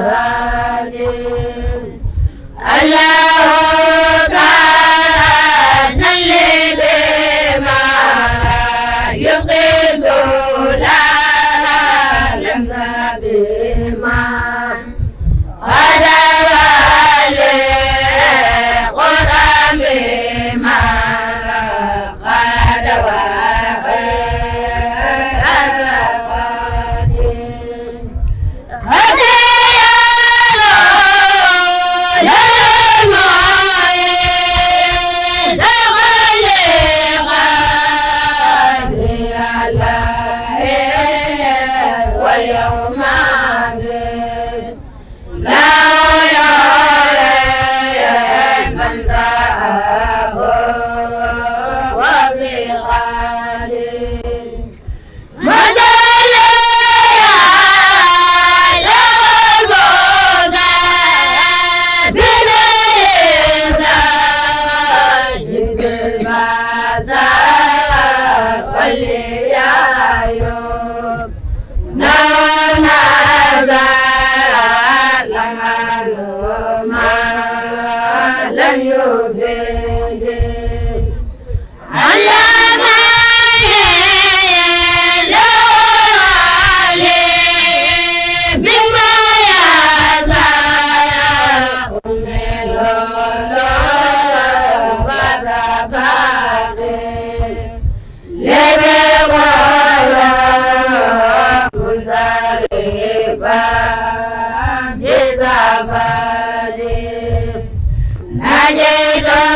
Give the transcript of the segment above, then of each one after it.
la زماني نجيت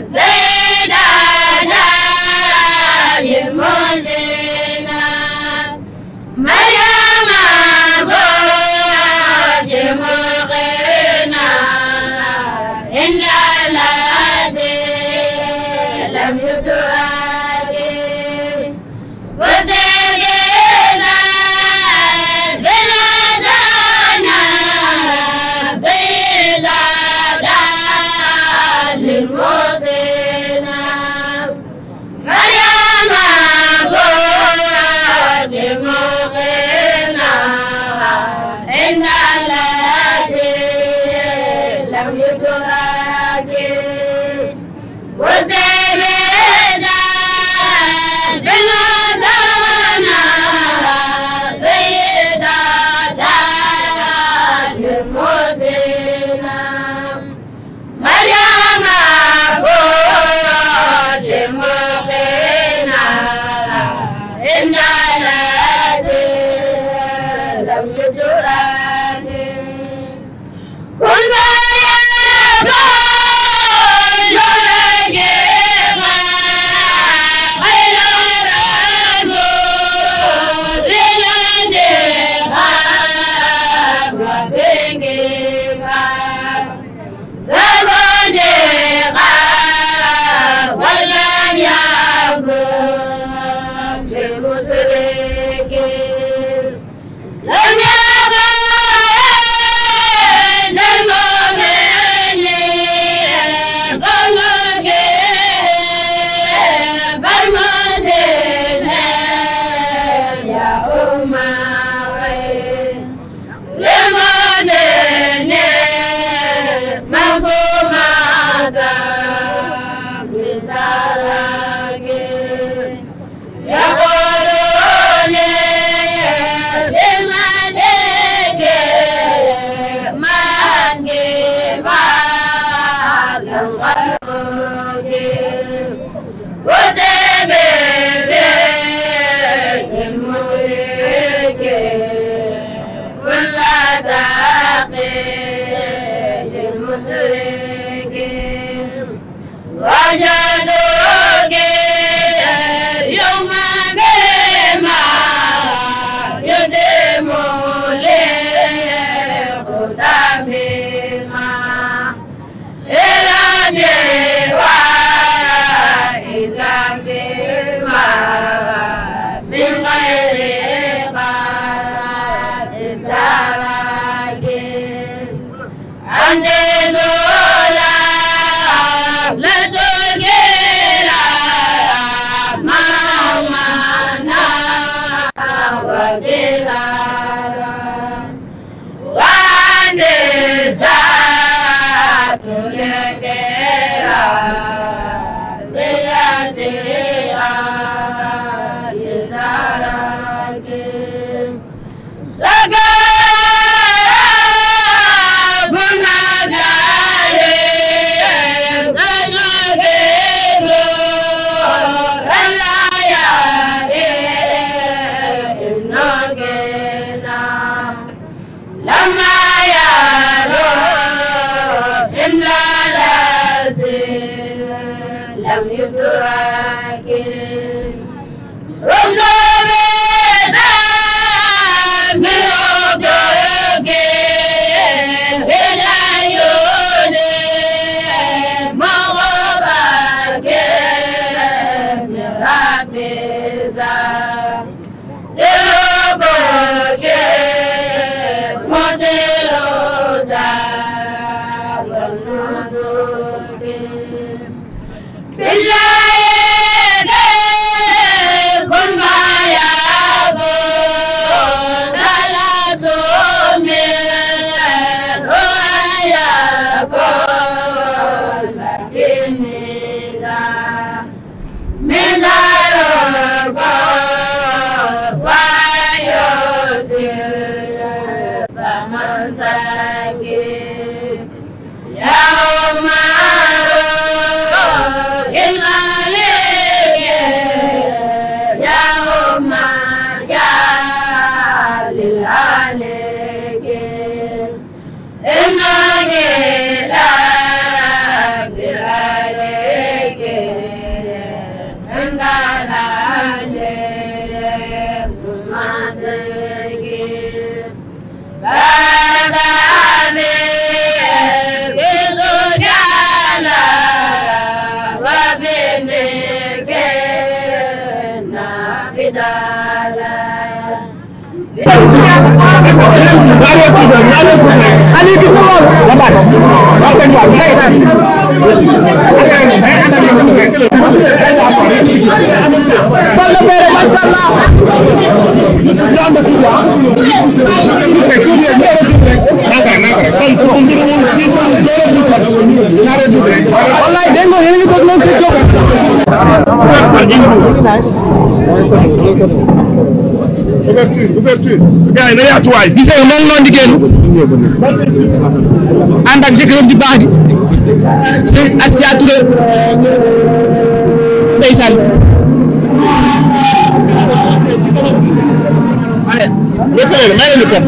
زينب الذي لم يدرك Amen. lii gis na lool la baat wax dañ waa lay saan sal na beere masha Allah ñu am ko wa rek ko ñu ñëra du rek naka naka sal ko ndir woon ci ko doole bu sat ñaare du rek wallahi dégg nga yéen a ngi bëgg loolu ci jox ouverture ouverture. gars yi na yaatu waay. gis nga moom noonu di génn ànd ak jëkkëram ji baax gi sëñ Askia Touré ndeysaan. allez. lëkkale la may leen di pep.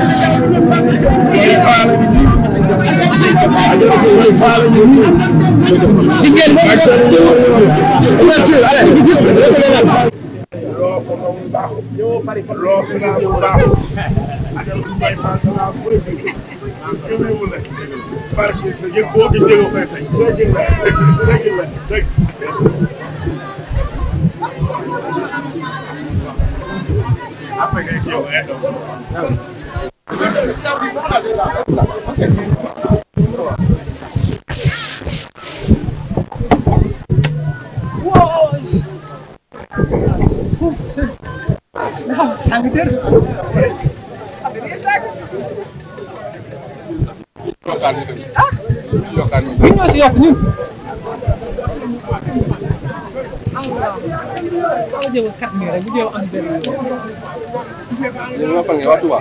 gis ngeen ouverture allez. loo si naan bu baax ak lu may fànn laa bëri bi jëmewul la barke sa yëg boo gisee nga koy fay dëgg la dëgg la dëgg après ngay ñëw tàng jër. ah. ñun ñoo si yokk ñun. jël kat nii rek bu jël am benn ñoo fan ngeen waa Touba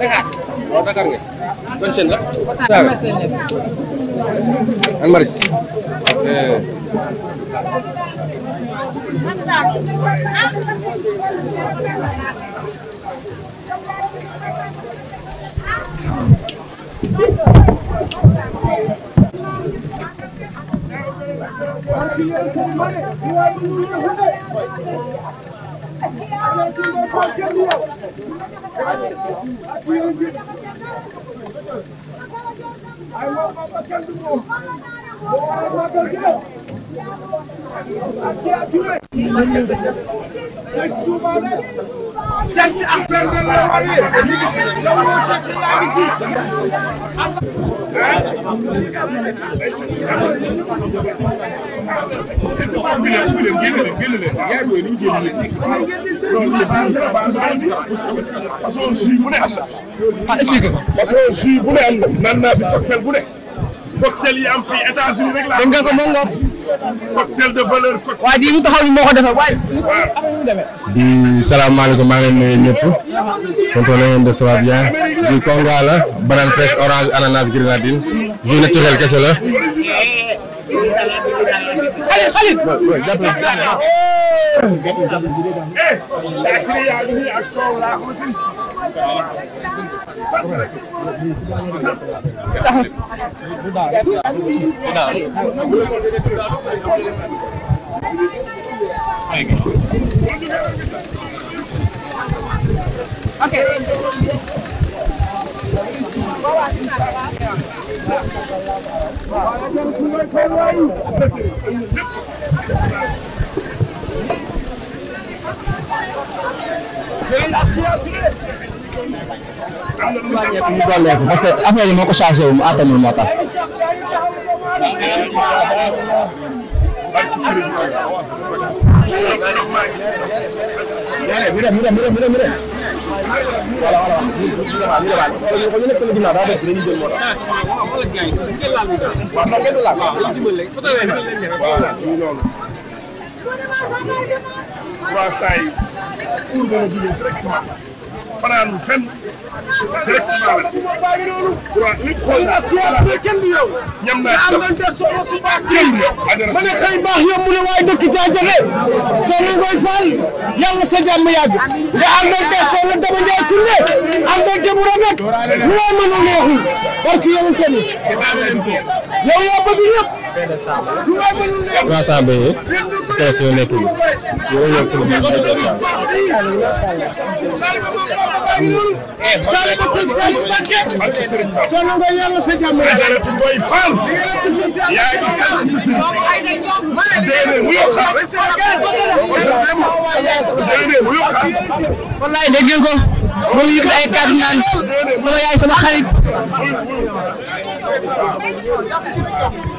Dakar waa Dakar ngeen doon seen an maris eh Cant ak perte la wane. façon jus bu ne am na. ah expliqué ko. façon jus bu ne am na. naan naa fi cocktail bu ne. cocktail yi am fii États-Unis cocktail de valeur. waaw di moo ko defal waaye. di salaamaaleykum maa ngi leen nuyu ñëpp. kontaan na ngeen de di konga la banane orange ananas grenadine. jus naturel kese la. Khalil Khalil. Eh, Okay. Senin askıya atıyor. wàññeeku ñu dolleeku parce que affaire yi wu mu àttanul fanaanu fenn directement la. waaw nit xool na kenn du yow. ñam naa ci sax kenn du yow. ma ne xëy baax yomb na waaye dëkk caa jafe soxna Ngoye Fall yàlla sa jàmm yàgg nga àndante soxna Daba Ndiaye Koundé àndante bu rafet lu ma mënoon a waxul barki yow tamit yow yaa bëgg ñëpp. 300 béyee kees yoo nekk nii yow yor tur bi wallaay dégg ngeen ko moom yëkkati ay kàddu naan sama yaay sama xarit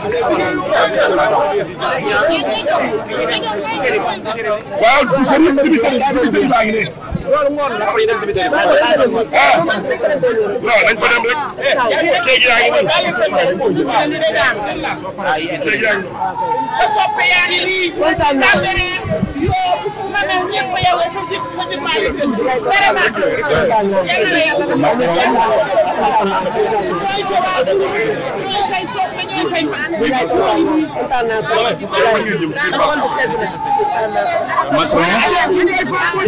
waaw du sori dibiteri dibiteri baa ngi ne ah non nañ fa dem rek kéegi yaa ngi nii kéegi yaa ngi nii. kontaan naa vraiment. Macron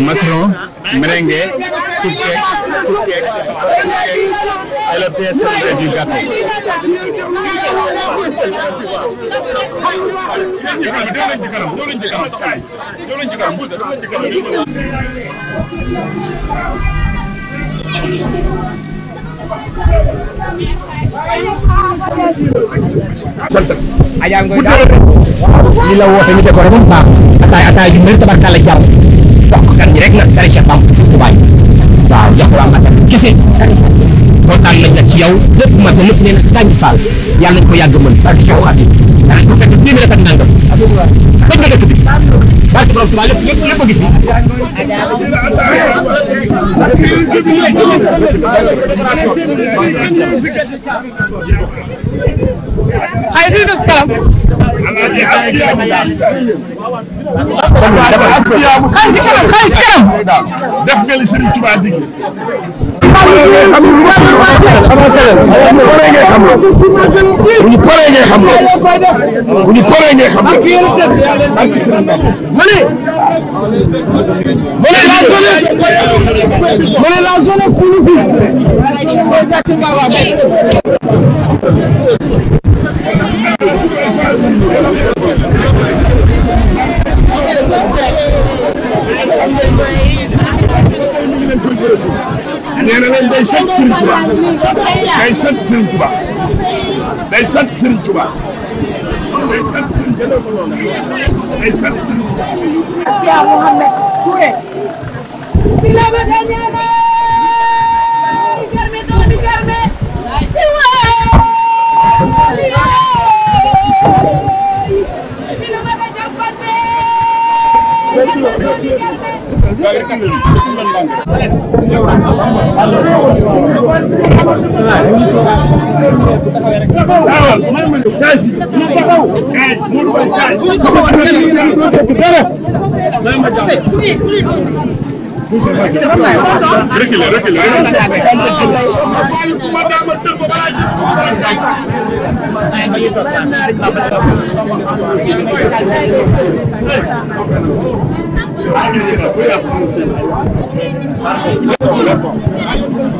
Macron merengue cupcake cupcake et le pièce célèbre du gâteau. Thank you. sant. Adja li la woote ñu décoré ba mu baax. ataay ataay ju mel tabarkàlla jàmm wax ko gan ñi rek nag dara Cheikh Bamba Sëriñ Tuubaa waaw jox ko waa Matam kese kontaan nañ nag ci yow lépp mat na lépp nee na daañu yàlla nañ ko yàgg mën barke ci waxaat yi ndax bu fekk téeméer ak nangam toj na bi ay si dus kalam xay si kanam xay si kanam def nga li Serigne Touba digle bu ñu paree ngay xam loolu bu ñu paree ngay xam loolu bu ñu paree ngay xam loolu mu la jeunesse mu ne day sant Serigne Touba day sant Serigne Touba Cheikh Mouhamed Touré si la ma gañee garme doomi garme si waay si la ma ka jàppante garme doomi garme Reculer, reculer. Thank you.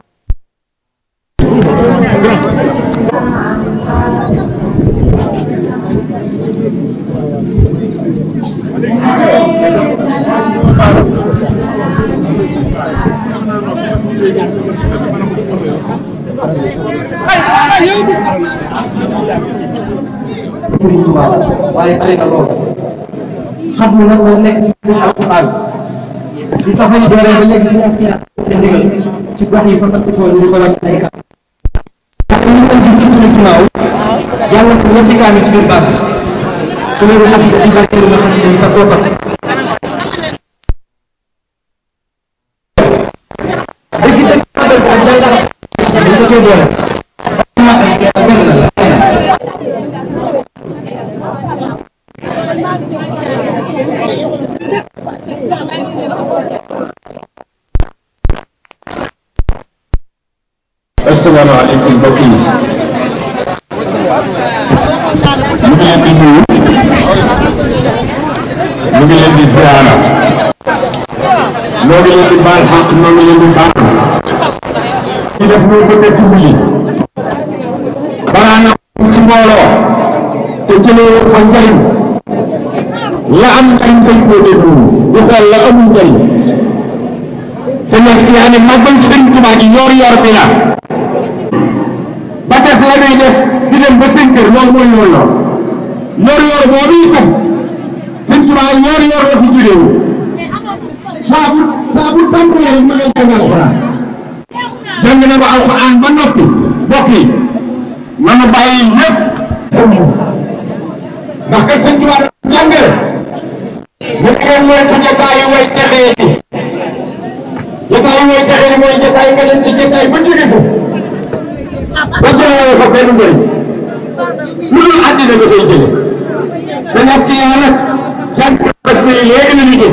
Touba waaye tariqa lool xam nga nag nekk ci alquran li sax ñu dooree ba léegi ñu askan ci ndigal ci gox yi fa takk ko ñu ko lan ay kat ñu ngi leen di gis ginnaaw yàlla ko ñetti kaami ci biir ku ne wax ci barkeelu nga ko dëgg asalaamaaleykum mbokk yi. ñu ngi leen di nuyu. ñu ngi leen di ziara. ñoo ngi leen di baal xaq ñoo ngi leen di baal. ci def muy bëgg a dimbali. balaa nga ci mbooloo. te jëlee ko njëriñ. la am njëriñ dañ koo déglu. di xool la amul njëriñ. te nekk yaa ne màggal sëriñ Tuubaa gi yor-yor bi la. ba tax la ngay def di dem ba seen kër moom mooy loolu la yor-yor boobu itam seen tubaab yor-yor la fi jëlee wu saa bu saa bu tàmbalee rek ma ngay jàng alxuraan jàng na ba alxuraan ba noppi mbokk yi mën a bàyyi yëpp ndax kat seen tubaab dafa jàngale bu fekkee mooy ku jotaayu way texee ni jotaayu way texee ni mooy jotaay nga dem ci jotaay ba jóge ko dafa benn njëriñ lu dul àddina nga koy jëlee da nga fi yaa nag yàgg léegi la ñu jëm